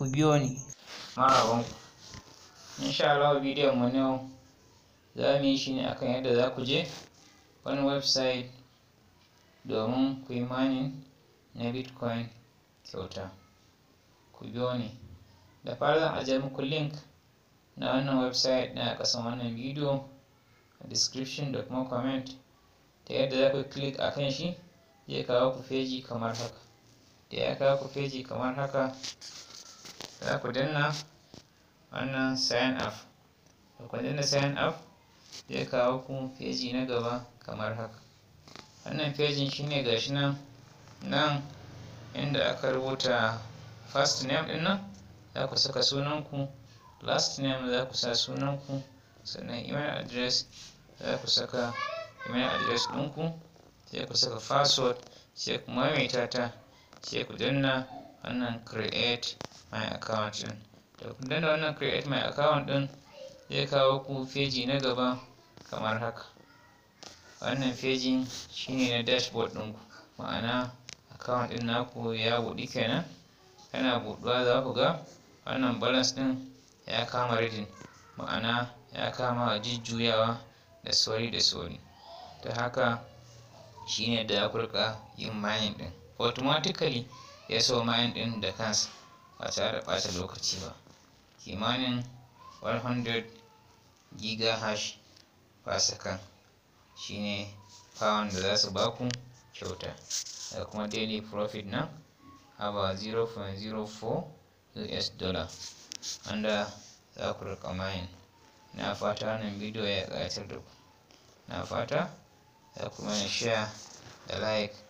ku biyo ni marhaban insha Allah bidiyon mu ne za mu yi shi ne akan yadda za ku je wani website domin ku yi mining na bitcoin kyauta ku biyo ni da fara zan ajiye muku link na wannan website na kasan wannan bidiyo a description da kuma comment ta yadda za ku click a kan shi zai kawo ku feji kamar haka da ya kawo ku feji kamar haka za ku danna wannan sign up da ku danna sign up zai kawo ku feji na gaba kamar haka wannan fejin shine gashi nan nan inda aka rubuta first name din nan za ku saka sunanku last name za ku sa sunanku sannan email address za ku saka email address ɗinku sai ku saka password sai ku maimaita ta sai ku danna wannan create my account ɗin to kun danna wannan create my account ɗin zai kawo ku feji na gaba kamar haka wannan fejin shine na dashboard ɗinku ma'ana account ɗin naku ya buɗi kenan yana buɗuwa za ku ga wannan balance ɗin ya kama reading ma'ana ya kama jujjuyawa da sauri da sauri ta haka shine da ya kurka yin mining ɗin automatically ya so mayan ɗin da kansa ba tare da ɓata lokaci ba kimanin 100 gigahash fasakan shine pound da za su baku kyauta da kuma daily profit na haba 0.04 us dollar wanda za ku rika na fata wannan bidiyo ya ƙayatar da ku na fata za ku mana share da like